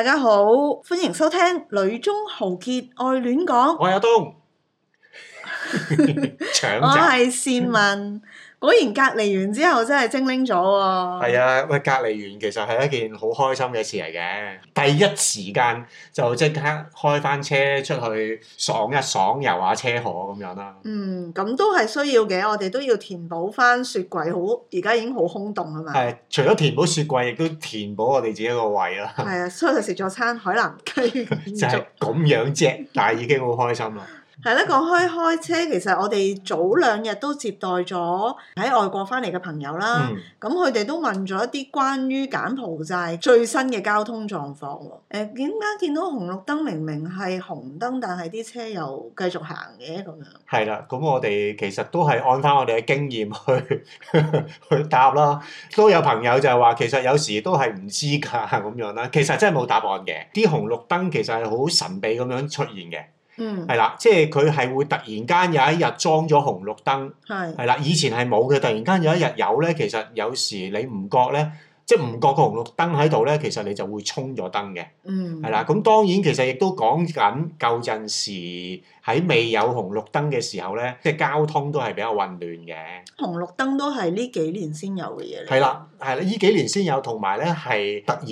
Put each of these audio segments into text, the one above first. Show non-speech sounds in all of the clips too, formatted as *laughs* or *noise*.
大家好，歡迎收聽《女中豪傑愛戀講》，我係阿東， *laughs* 走 *laughs* 我係善文。果然隔離完之後真係精靈咗喎、啊！係啊，喂！隔離完其實係一件好開心嘅事嚟嘅，第一時間就即刻開翻車出去爽一爽、啊，遊下車河咁樣啦、啊。嗯，咁都係需要嘅，我哋都要填補翻雪櫃，好而家已經好空洞啊嘛。係、啊，除咗填補雪櫃，亦都填補我哋自己個胃啦。係 *laughs* 啊，所以就食咗餐海南雞。 *laughs* 就係咁樣啫， *laughs* 但係已經好開心啦。係咧，講開開車，其實我哋早兩日都接待咗喺外國翻嚟嘅朋友啦。咁佢哋都問咗一啲關於柬埔寨最新嘅交通狀況喎。誒、呃，點解見到紅綠燈明明係紅燈，但係啲車又繼續行嘅咁樣？係啦，咁我哋其實都係按翻我哋嘅經驗去 *laughs* 去答啦。都有朋友就係話，其實有時都係唔知㗎咁樣啦。其實真係冇答案嘅。啲紅綠燈其實係好神秘咁樣出現嘅。嗯，係啦，即係佢係會突然間有一日裝咗紅綠燈，係，係啦，以前係冇嘅，突然間有一日有咧，其實有時你唔覺咧，即係唔覺個紅綠燈喺度咧，其實你就會衝咗燈嘅，嗯，係啦，咁當然其實亦都講緊舊陣時。喺未有紅綠燈嘅時候咧，即係交通都係比較混亂嘅。紅綠燈都係呢幾年先有嘅嘢。係啦，係啦，呢幾年先有，同埋咧係突然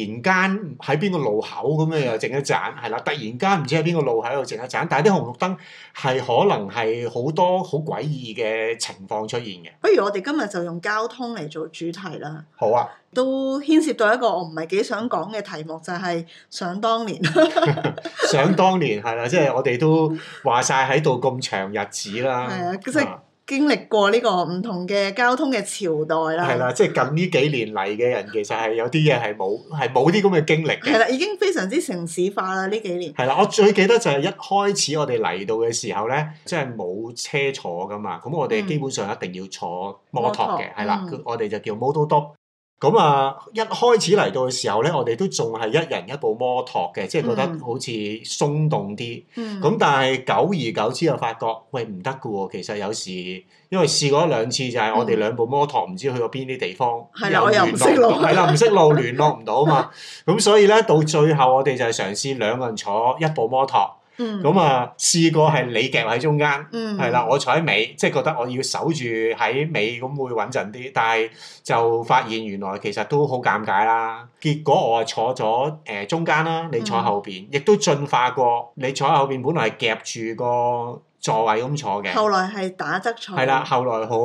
間喺邊個路口咁樣又整一盞，係啦，突然間唔知喺邊個路口喺度整一盞，但係啲紅綠燈係可能係好多好詭異嘅情況出現嘅。不如我哋今日就用交通嚟做主題啦。好啊，都牽涉到一個我唔係幾想講嘅題目，就係、是、想當年。 *laughs* *laughs* 想當年係啦，即係、就是、我哋都話。 *laughs* 話晒喺度咁長日子啦，係啊，即係經歷過呢個唔同嘅交通嘅朝代啦。係啦，即係近呢幾年嚟嘅人其實係有啲嘢係冇，係冇啲咁嘅經歷嘅。係啦，已經非常之城市化啦呢幾年。係啦，我最記得就係一開始我哋嚟到嘅時候咧，即係冇車坐噶嘛，咁我哋基本上一定要坐摩托嘅，係啦、嗯，的嗯、我哋就叫摩托車。咁啊，一開始嚟到嘅時候咧，我哋都仲係一人一部摩托嘅，即係覺得好似鬆動啲。咁、嗯、但係久而久之就發覺，喂唔得嘅喎。其實有時因為試過一兩次就係我哋兩部摩托唔知去過邊啲地方，嗯、又聯絡，係啦，唔識 *laughs* 路聯絡唔到啊嘛。咁 *laughs* 所以咧，到最後我哋就係嘗試兩個人坐一部摩托。咁啊，嗯、試過係你夾喺中間，係啦、嗯，我坐喺尾，即係覺得我要守住喺尾，咁會穩陣啲。但係就發現原來其實都好尷尬啦。結果我係坐咗誒、呃、中間啦，你坐後邊，亦、嗯、都進化過。你坐喺後邊本來係夾住個座位咁坐嘅，後來係打側坐。係啦，後來好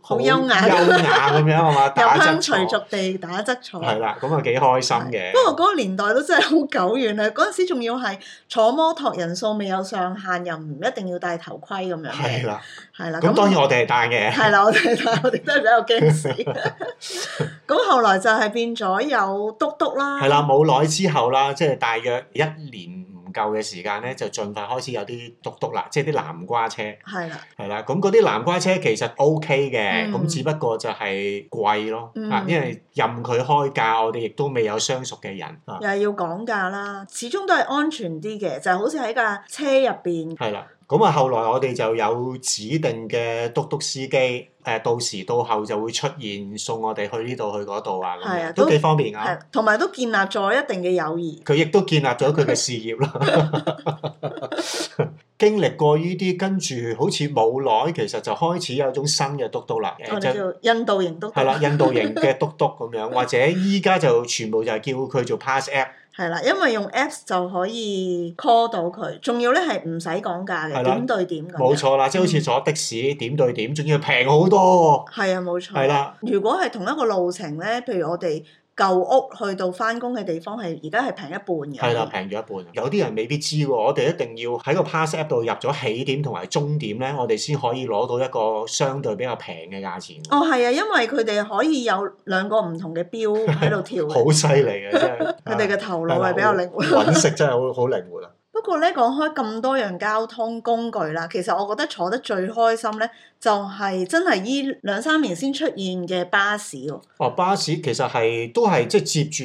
好優雅，優雅咁樣係嘛？入鄉隨俗咁打側坐，係啦， *laughs* 咁啊幾開心嘅。不過嗰個年代都真係好久遠啦，嗰陣時仲要係坐摩托，人數未有上限，又唔一定要戴頭盔咁樣。係啦，係啦，咁當然我哋係戴嘅。係啦，我哋我哋真係比較驚死。咁 *laughs* *laughs* 後來就係變咗有篤篤啦。係啦，冇耐之後啦，即係大約一年。夠嘅時間咧，就盡快開始有啲嘟嘟啦，即係啲南瓜車係啦，係啦是的。咁嗰啲南瓜車其實 O K 嘅，咁、嗯、只不過就係貴咯，啊，嗯、因為任佢開價，我哋亦都未有相熟嘅人，又係要講價啦，始終都係安全啲嘅，就係、是、好似喺架車入邊係啦。咁啊，後來我哋就有指定嘅嘟嘟司機，誒到時到後就會出現送我哋去呢度去嗰度啊，咁樣的都幾方便啊。同埋都建立咗一定嘅友誼。佢亦都建立咗佢嘅事業啦。 *laughs* *laughs* 經歷過呢啲，跟住好似冇耐，其實就開始有種新嘅嘟嘟啦。我哋叫印度型嘟。係啦，印度型嘅嘟嘟咁樣， *laughs* 或者依家就全部就係叫佢做 Pass App。係啦，因為用 Apps 就可以 call 到佢，仲要咧係唔使講價嘅，的點對點咁。冇錯啦，即係好似坐的士、嗯、點對點，仲要平好多。係啊，冇錯。係啦的，如果係同一個路程咧，譬如我哋。舊屋去到返工嘅地方係而家係平一半嘅，係啦，平咗一半。有啲人未必知喎，嗯、我哋一定要喺個 PassApp 度入咗起點同埋終點咧，我哋先可以攞到一個相對比較平嘅價錢。哦，係啊，因為佢哋可以有兩個唔同嘅標喺度跳。好犀利嘅，真係佢哋嘅頭腦係 *laughs* 的比較靈活。揾很 *laughs* 食真係好好靈活啊！不過咧，講開咁多樣交通工具啦，其實我覺得坐得最開心咧，就係真係依兩三年先出現嘅巴士哦。哦，巴士其實係都係即係接住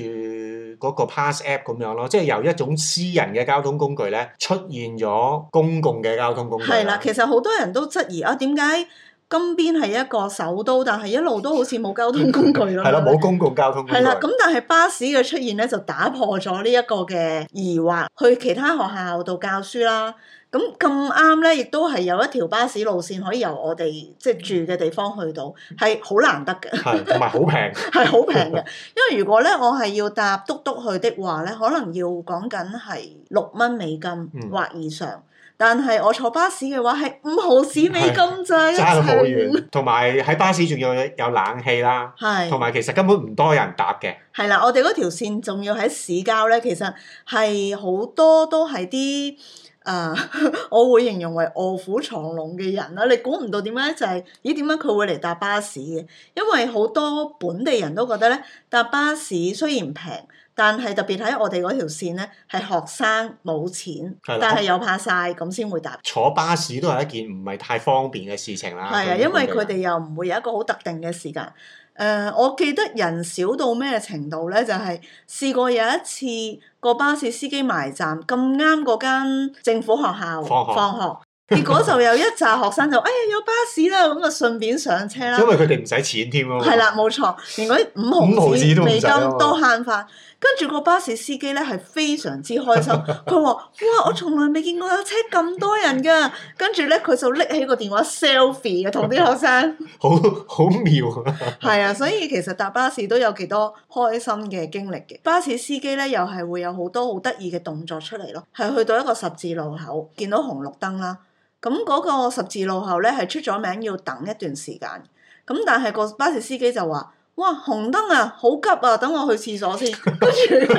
嗰個 Pass App 咁樣咯，即係由一種私人嘅交通工具咧，出現咗公共嘅交通工具。係啦，其實好多人都質疑啊，點解？金邊係一個首都，但係一路都好似冇交通工具咯。係啦， *laughs* 冇公共交通。係啦，咁但係巴士嘅出現咧，就打破咗呢一個嘅疑惑，去其他學校度教書啦。咁咁啱咧，亦都係有一條巴士路線可以由我哋即係住嘅地方去到，係好難得嘅。係，同埋好平。係好平嘅，因為如果咧我係要搭嘟嘟去的話咧，可能要講緊係六蚊美金或以上。嗯但係我坐巴士嘅話係五毫子美金啫，差好遠。同埋喺巴士仲要有，有冷氣啦，同埋是其實根本唔多人搭嘅。係啦，我哋嗰條線仲要喺市郊咧，其實係好多都係啲誒，我會形容為卧虎藏龍嘅人啦。你估唔到點解就係、是，咦？點解佢會嚟搭巴士嘅？因為好多本地人都覺得咧，搭巴士雖然平。但係特別喺我哋嗰條線咧，係學生冇錢，的但係又怕曬，咁先會搭。坐巴士都係一件唔係太方便嘅事情啦。係啊的，因為佢哋又唔會有一個好特定嘅時間。誒、呃，我記得人少到咩程度咧？就係、是、試過有一次個巴士司機埋站，咁啱嗰間政府學校放學，放學結果就有一紮學生就 *laughs* 哎呀有巴士啦，咁啊順便上車啦。因為佢哋唔使錢添喎。係啦，冇錯，連嗰啲五毫紙、五毫紙都唔使，都慳翻。跟住個巴士司機咧係非常之開心，佢話： *laughs* 哇！我從來未見過有車咁多人㗎。跟住咧佢就拎起個電話 selfie 嘅同啲學生，啊、 *laughs* *laughs* 好好妙啊！係 *laughs* 啊，所以其實搭巴士都有幾多開心嘅經歷嘅。巴士司機咧又係會有好多好得意嘅動作出嚟咯。係去到一個十字路口，見到紅綠燈啦。咁嗰個十字路口咧係出咗名要等一段時間。咁但係個巴士司機就話，哇！紅燈啊，好急啊！等我去廁所先，跟住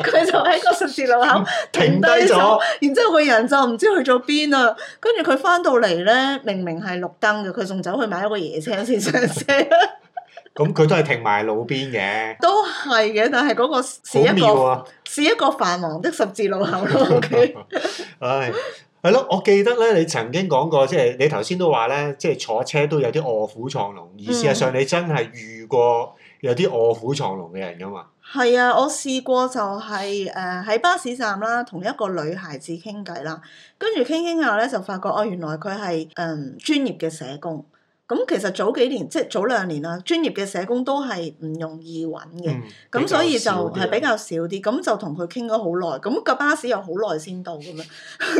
佢就喺個十字路口停低咗，然之後個人就唔知去咗邊啊！跟住佢翻到嚟咧，明明係綠燈嘅，佢仲走去買一個椰青先上車。咁佢都係停埋路邊嘅，都係嘅，但係嗰個是一個、啊、是一個繁忙的十字路口咯。O K，唉。係咯，我記得咧，你曾經講過，即係你頭先都話咧，即係坐車都有啲臥虎藏龍，而事實上你真係遇過有啲臥虎藏龍嘅人噶嘛？嗯，係啊，我試過就係誒喺巴士站啦，同一個女孩子傾偈啦，跟住傾傾下咧就發覺哦，原來佢係誒專業嘅社工。咁其實早幾年即係早兩年啦，專業嘅社工都係唔容易揾嘅，咁、嗯、所以就係比較少啲。咁就同佢傾咗好耐，咁個巴士又好耐先到咁樣。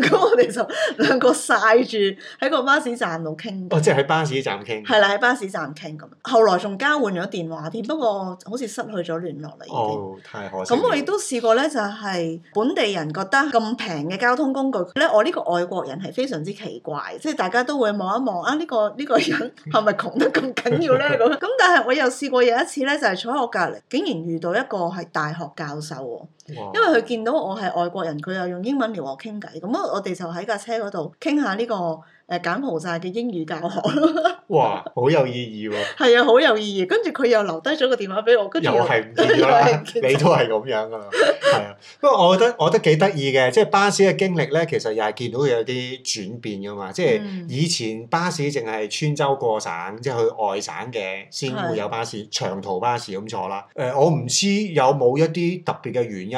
咁 *laughs* 我哋就兩個晒住喺個巴士站度傾。哦，即係喺巴士站傾。係啦，喺巴士站傾咁，後來仲交換咗電話添。不過好似失去咗聯絡啦，已經。哦，太可惜。咁我亦都試過咧，就係本地人覺得咁平嘅交通工具咧，我呢個外國人係非常之奇怪，即係大家都會望一望啊呢、呢個呢、呢個人。係咪 *laughs* 窮得咁緊要咧？咁咁，但係我又試過有一次咧，就係、是、坐喺我隔離，竟然遇到一個係大學教授喎、哦。哇因為佢見到我係外國人，佢又用英文撩我傾偈，咁我我哋就喺架車嗰度傾下呢、這個誒、呃、柬埔寨嘅英語教學咯。 *laughs* 哇，好有意義喎！係啊，好、 *laughs* 啊、有意義。跟住佢又留低咗個電話俾我，跟住又係唔記得啦。 *laughs* 啦 *laughs* 你都係咁樣噶啦，係 *laughs* 啊。不過我覺得我覺得幾得意嘅，即係巴士嘅經歷咧，其實又係見到有啲轉變噶嘛。即係以前巴士淨係穿州過省，即係去外省嘅先會有巴士的長途巴士咁坐啦。誒、呃，我唔知有冇一啲特別嘅原因。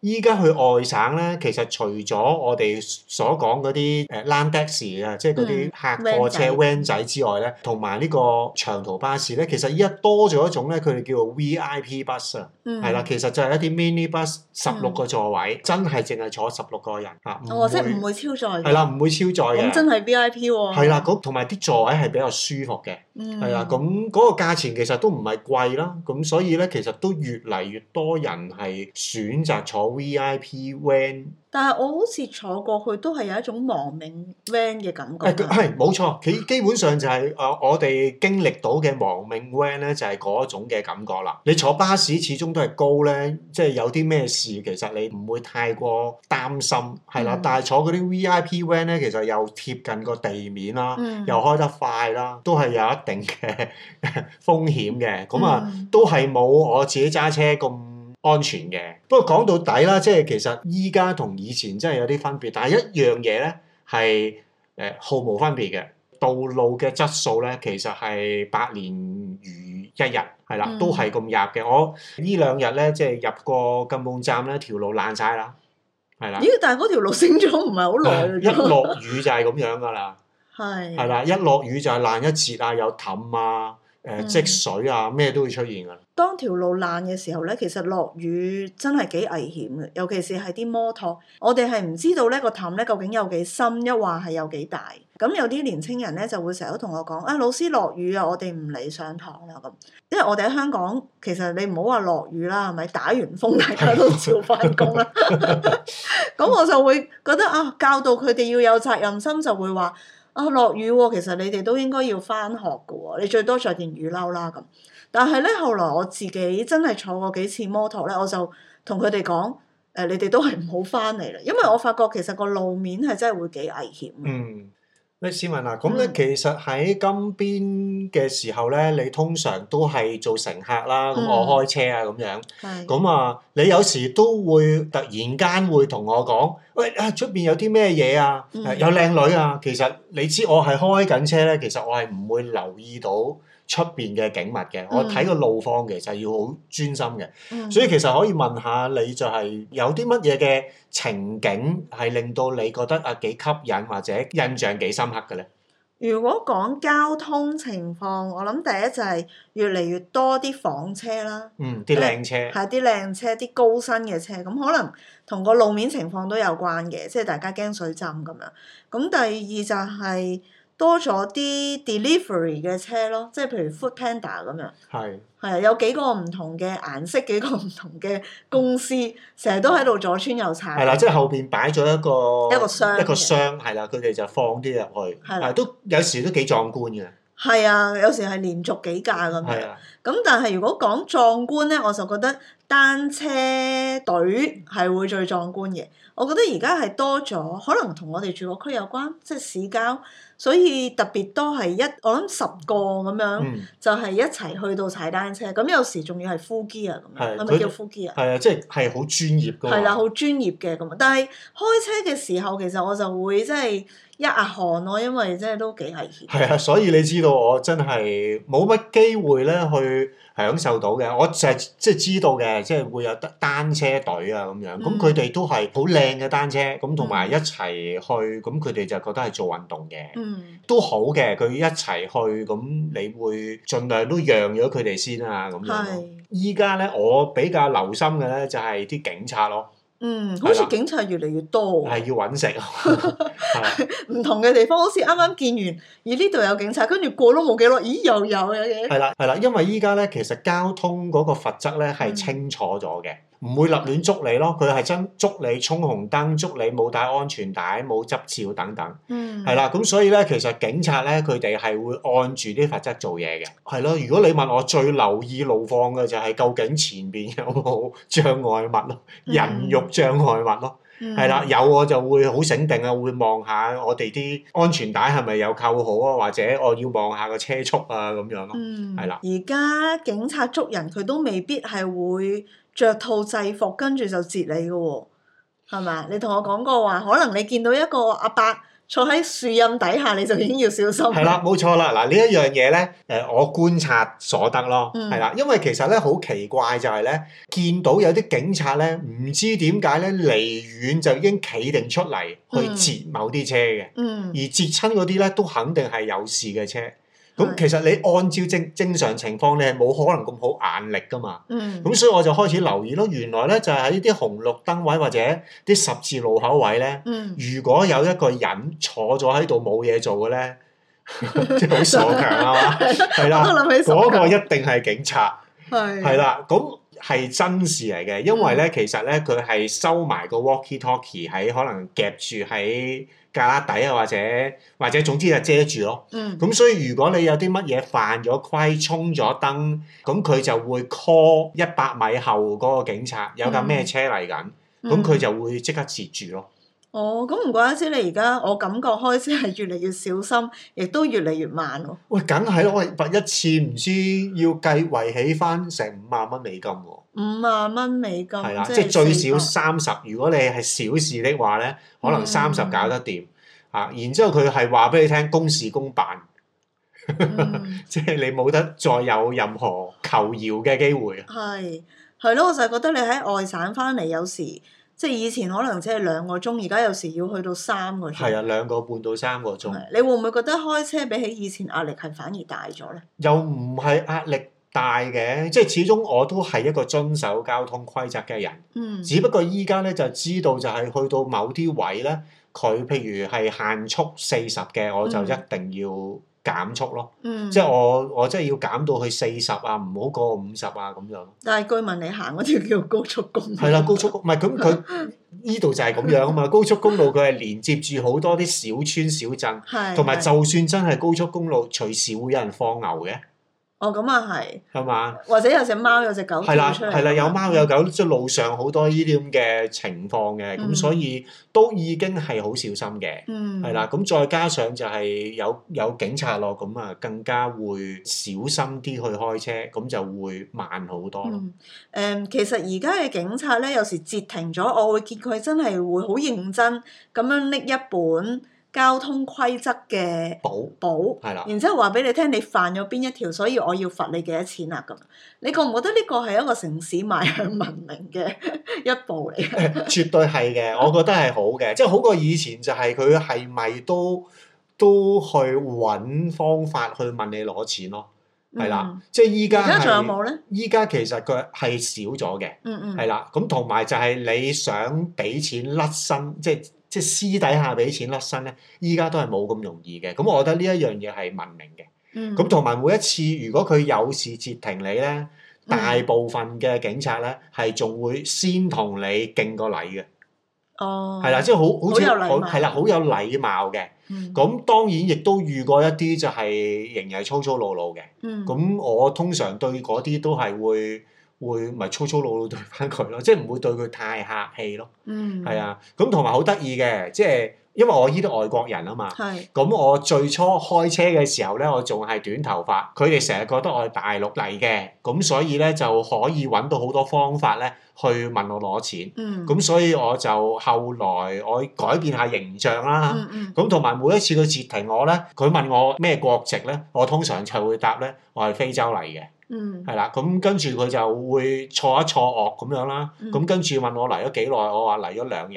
依家去外省咧，其實除咗我哋所講嗰啲誒 land taxi 啊，uh, xy, 即係嗰啲客貨車、嗯、van, 仔 van 仔之外咧，同埋呢個長途巴士咧，其實依家多咗一種咧，佢哋叫做 V I P bus，係啦、嗯，其實就係一啲 mini bus，十六個座位，嗯、真係淨係坐十六個人啊！哦，會即係唔會超載。係啦，唔會超載嘅。真係 V I P 喎、啊。係啦，同埋啲座位係比較舒服嘅。嗯。係啊，咁嗰個價錢其實都唔係貴啦，咁所以咧，其實都越嚟越多人係選擇坐。V.I.P. van，但係我好似坐過去都係有一種亡命 van 嘅感覺。係冇、哎、錯，佢基本上就係、是 *laughs* 啊、我我哋經歷到嘅亡命 van 咧，就係、是、嗰種嘅感覺啦。你坐巴士始終都係高咧，即、就、係、是、有啲咩事，其實你唔會太過擔心，係啦。嗯、但係坐嗰啲 V.I.P. van 咧，其實又貼近個地面啦，嗯、又開得快啦，都係有一定嘅 *laughs* 風險嘅。咁啊，嗯、都係冇我自己揸車咁。安全嘅，不過講到底啦，即係其實依家同以前真係有啲分別，但係一樣嘢咧係誒毫無分別嘅。道路嘅質素咧，其實係百年如一日，係啦，都係咁入嘅。我、嗯哦、呢兩日咧，即係入過金鳳站咧，條路爛晒啦，係啦。咦？但係嗰條路升咗唔係好耐，一落雨就係咁樣㗎啦，係係啦，一落雨就係爛一截啊，有氹啊。誒、呃、積水啊，咩都會出現噶、嗯。當條路爛嘅時候咧，其實落雨真係幾危險嘅，尤其是係啲摩托。我哋係唔知道個呢個氹咧究竟有幾深，一話係有幾大。咁有啲年青人咧就會成日都同我講：啊、哎、老師落雨啊，我哋唔嚟上堂啦咁。因為我哋喺香港，其實你唔好話落雨啦，係咪打完風大家都照翻工啦？咁 *laughs* *laughs* 我就會覺得啊，教導佢哋要有責任心，就會話。啊，落雨喎，其實你哋都應該要返學嘅喎。 *noise* 你最多着件雨褸啦咁。但係咧，後來我自己真係坐過幾次摩托咧，我就同佢哋講，誒、呃、你哋都係唔好返嚟啦，因為我發覺其實個路面係真係會幾危險嘅。嗯喂，詩文啊，咁咧其實喺金邊嘅時候咧，你通常都係做乘客啦，咁、嗯、我開車啊咁樣。係的。咁啊，你有時都會突然間會同我講，喂啊，出邊有啲咩嘢啊？有靚女啊！其實你知我係開緊車咧，其實我係唔會留意到。出邊嘅景物嘅，我睇個路況嘅，就係要好專心嘅，所以其實可以問下你，就係有啲乜嘢嘅情景係令到你覺得啊幾吸引或者印象幾深刻嘅咧？如果講交通情況，我諗第一就係越嚟越多啲房車啦，嗯，啲靚車，係啲靚車啲高薪嘅車，咁可能同個路面情況都有關嘅，即係大家驚水浸咁樣。咁第二就係。多咗啲 delivery 嘅車咯，即係譬如 Food Panda 咁樣，係啊的，有幾個唔同嘅顏色，幾個唔同嘅公司，成日、嗯、都喺度左穿右擦。係啦，即係後邊擺咗一個一個箱，一個箱係啦，佢哋就放啲入去，係啦的、啊，都有時都幾壯觀嘅。係啊，有時係連續幾架咁樣。咁的但係如果講壯觀咧，我就覺得單車隊係會最壯觀嘅。我覺得而家係多咗，可能同我哋住個區有關，即係市郊。所以特別多係一，我諗十個咁樣，嗯、就係一齊去到踩單車。咁有時仲要係呼機啊咁樣，係咪是叫呼機啊？係啊，即係係好專業嘅。係啦，好專業嘅咁。但係開車嘅時候，其實我就會即係。就是一啊寒咯，因為真係都幾危險。係啊，所以你知道我真係冇乜機會咧去享受到嘅。我淨係即係知道嘅，即係會有單單車隊啊咁樣。咁佢哋都係好靚嘅單車，咁同埋一齊去，咁佢哋就覺得係做運動嘅。嗯，都好嘅，佢一齊去，咁你會盡量都讓咗佢哋先啊咁樣。依家咧，我比較留心嘅咧就係啲警察咯。嗯，好似警察越嚟越多，係要揾食，係嘛？唔同嘅地方，好似啱啱見完，而呢度有警察，跟住過都冇幾耐，咦又有有嘢。係啦係啦，因為依家咧，其實交通嗰個罰則咧係清楚咗嘅。嗯唔會立亂捉你咯，佢係真捉你衝紅燈，捉你冇帶安全帶、冇執照等等，嗯、係啦。咁所以咧，其實警察咧佢哋係會按住啲法則做嘢嘅。係咯，如果你問我最留意路況嘅就係究竟前邊有冇障礙物咯、嗯、物咯，人肉障礙物咯，係啦，有我就會好醒定啊，會望下我哋啲安全帶係咪有扣好啊，或者我要望下個車速啊咁樣咯，係啦。而家、嗯、啦警察捉人佢都未必係會着套制服跟住就截你嘅喎、哦，係咪？你同我講過話，可能你見到一個阿伯,伯坐喺樹蔭底下，你就已經要小心。係啦、嗯，冇錯啦，嗱呢一樣嘢咧，誒、呃、我觀察所得咯，係啦，因為其實咧好奇怪就係咧，見到有啲警察咧，唔知點解咧離遠就已經企定出嚟去截某啲車嘅，嗯嗯、而截親嗰啲咧都肯定係有事嘅車。咁其實你按照正正常情況，你係冇可能咁好眼力噶嘛。嗯。咁所以我就開始留意咯。原來咧就係喺啲紅綠燈位或者啲十字路口位咧，嗯、如果有一個人坐咗喺度冇嘢做嘅咧，即係好傻強啊嘛。係啦 *laughs* 的， *laughs* 我諗起嗰個一定係警察。係的。係啦，咁係真事嚟嘅，因為咧、嗯、其實咧佢係收埋個 walkie talkie 喺可能夾住喺。架底啊，或者或者，總之就遮住咯。嗯，咁所以如果你有啲乜嘢犯咗規、衝咗燈，咁佢就會 call 一百米後嗰個警察，有架咩車嚟緊，咁佢、嗯嗯、就會即刻截住咯。哦，咁唔怪得知你而家，我感覺開車係越嚟越小心，亦都越嚟越慢喎、哦。喂，梗係咯，我罰一次唔知要計圍起翻成五萬蚊美金喎、哦。五萬蚊美金。係啦的，即係最少三十。如果你係小事的話咧，可能三十搞得掂、嗯、啊。然之後佢係話俾你聽公事公辦，嗯、 *laughs* 即係你冇得再有任何求饒嘅機會。係係咯，我就覺得你喺外省翻嚟有時。即係以前可能只係兩個鐘，而家有時要去到三個鐘。係啊，兩個半到三個鐘。嗯。你會唔會覺得開車比起以前壓力係反而大咗咧？又唔係壓力大嘅，即係始終我都係一個遵守交通規則嘅人。嗯。只不過依家咧就知道就係去到某啲位咧，佢譬如係限速四十嘅，我就一定要。嗯。減速咯，嗯、即係我我真係要減到去四十啊，唔好過五十啊咁樣。但係據聞你行嗰條叫做高速公路，係啦， *laughs* 高速公路唔係咁，佢呢度就係咁樣啊嘛。高速公路佢係連接住好多啲小村小鎮，同埋 *laughs* 就算真係高速公路，隨時會有人放牛嘅。哦，咁啊，係，係嘛吧？或者有隻貓有隻狗跳出嚟，係啦，有貓有狗，即係、嗯、路上好多呢啲咁嘅情況嘅，咁、嗯、所以都已經係好小心嘅，係啦、嗯。咁再加上就係有有警察咯，咁啊更加會小心啲去開車，咁就會慢好多咯。誒、嗯嗯，其實而家嘅警察咧，有時截停咗，我會見佢真係會好認真咁樣拎一本。交通規則嘅保保，係啦保，然之後話俾你聽，的你犯咗邊一條，所以我要罰你幾多錢啊？咁，你覺唔覺得呢個係一個城市邁向文明嘅 *laughs* 一步嚟？絕對係嘅，我覺得係好嘅， *laughs* 即係好過以前就係佢係咪都都去揾方法去問你攞錢咯？係啦、嗯，即係依家依家仲有冇咧？依家其實佢係少咗嘅、嗯，嗯嗯，係啦，咁同埋就係你想俾錢甩身，即係。即係私底下俾錢甩身咧，依家都係冇咁容易嘅。咁我覺得呢一樣嘢係文明嘅。咁同埋每一次如果佢有事截停你咧，大部分嘅警察咧係仲會先同你敬個禮嘅。哦，係啦，即係好好有禮，係啦，好有禮貌嘅。咁，嗯，當然亦都遇過一啲就係仍然係粗粗魯魯嘅。嗯，咁我通常對嗰啲都係會，會咪粗粗魯魯對翻佢咯，即係唔會對佢太客氣咯。嗯，係啊，咁同埋好得意嘅，即係因為我依啲外國人啊嘛。係是，咁我最初開車嘅時候咧，我仲係短頭髮，佢哋成日覺得我係大陸嚟嘅，咁所以咧就可以揾到好多方法咧去問我攞錢。嗯，咁所以我就後來我改變下形象啦。嗯嗯，咁同埋每一次佢截停我咧，佢問我咩國籍咧，我通常就會答咧，我係非洲嚟嘅。嗯，係啦，咁跟住佢就會錯一錯愕咁樣啦，咁、嗯、跟住問我嚟咗幾耐，我話嚟咗兩日，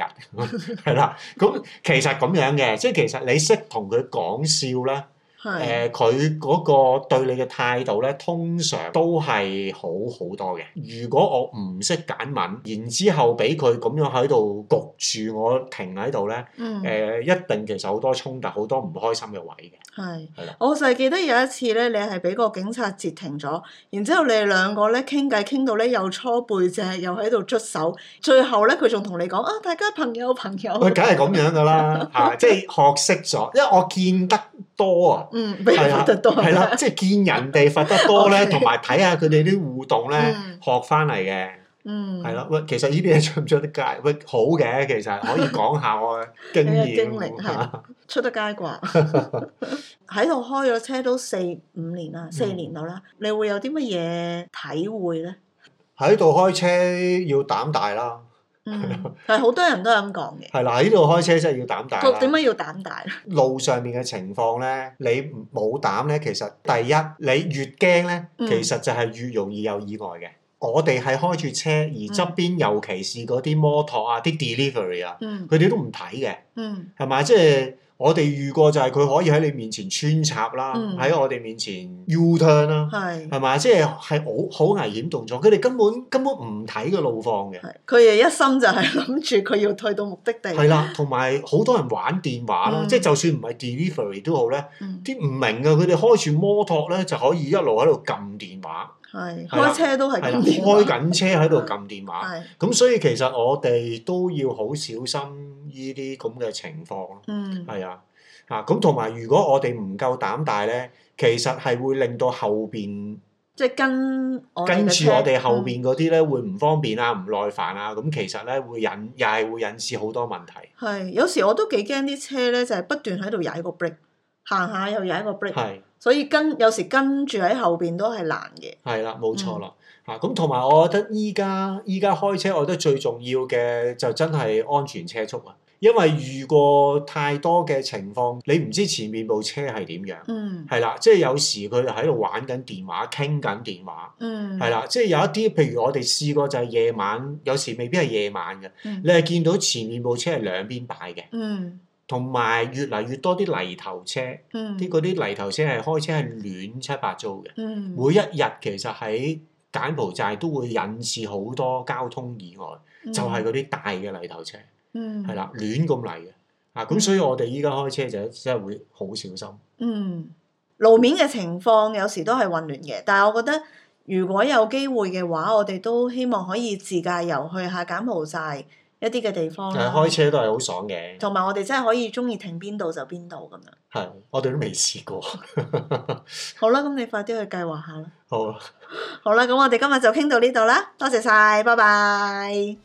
係 *laughs* 啦，咁、嗯、 *laughs* 其實咁樣嘅，即係其實你識同佢講笑呢。誒佢嗰個對你嘅態度咧，通常都係好好多嘅。如果我唔識柬文，然之後俾佢咁樣喺度焗住我停喺度咧，誒、嗯呃、一定其實好多衝突，好多唔開心嘅位嘅。係的，係啦的。我就係記得有一次咧，你係俾個警察截停咗，然之後你哋兩個咧傾偈傾到咧又搓背脊，又喺度捽手，最後咧佢仲同你講啊，大家朋友朋友。喂、嗯，梗係咁樣㗎啦，嚇！ *laughs* 即係學識咗，因為我見得。多啊，係、嗯、 *laughs* 啊，係啦、啊，即係見人哋發得多咧，同埋睇下佢哋啲互動咧，學翻嚟嘅， *laughs* 嗯，係啦，喂，其實呢啲嘢出唔出得街？喂，好嘅，其實可以講下我經驗，係出得街啩？喺度開咗車都四五年啦，四年度啦，你會有啲乜嘢體會咧？喺度開車要膽大啦。嗯，係好多人都係咁講嘅。係啦、嗯，呢度開車真係要膽大啦。點解要膽大咧？路上面嘅情況咧，你冇膽咧，其實第一你越驚咧，嗯、其實就係越容易有意外嘅。我哋係開住車，而側邊、嗯、尤其是嗰啲摩托啊、啲 delivery 啊，佢哋、嗯、都唔睇嘅，係咪、嗯？即係。就是我哋遇過就係佢可以喺你面前穿插啦，喺、嗯、我哋面前 U turn 啦，係咪啊？即係係好好危險動作，佢哋根本根本唔睇個路況嘅。佢哋一心就係諗住佢要退到目的地。係啦，同埋好多人玩電話啦，嗯、即係就算唔係 delivery 都好咧，啲唔、嗯、明嘅佢哋開住摩托咧就可以一路喺度撳電話。係是的開車都係。係啦，開緊車喺度撳電話。咁，嗯、的所以其實我哋都要好小心。呢啲咁嘅情況咯，係、嗯、啊，啊咁同埋如果我哋唔夠膽大咧，其實係會令到後邊即係跟係跟住我哋後邊嗰啲咧會唔方便啊、唔耐煩啊，咁、嗯、其實咧會引又係會引致好多問題。係有時我都幾驚啲車咧，就係、是、不斷喺度踩個 brake 行下又踩個 brake，係所以跟有時跟住喺後邊都係難嘅。係啦，冇、嗯、錯啦。嗯啊，咁同埋，我覺得依家依家開車，我覺得最重要嘅就真係安全車速啊！因為遇過太多嘅情況，你唔知前面部車係點樣，嗯，係啦，即係有時佢喺度玩緊電話，傾緊電話，嗯，係啦，即係有一啲，譬如我哋試過就係夜晚，有時未必係夜晚嘅，嗯，你係見到前面部車係兩邊擺嘅，嗯，同埋越嚟越多啲泥頭車，嗯，啲嗰啲泥頭車係開車係亂七八糟嘅，嗯，每一日其實喺柬埔寨都會引致好多交通意外，嗯、就係嗰啲大嘅泥頭車，係啦、嗯、亂咁嚟嘅，啊咁、嗯、所以我哋依家開車就真係會好小心。嗯，路面嘅情況有時都係混亂嘅，但係我覺得如果有機會嘅話，我哋都希望可以自駕遊去下柬埔寨。一啲嘅地方，其實開車都係好爽嘅。同埋我哋真係可以中意停邊度就邊度咁樣。係，我哋都未試過。 *laughs* 好啦，咁你快啲去計劃下啦。好啦，好啦，咁我哋今日就傾到呢度啦，多謝晒，拜拜。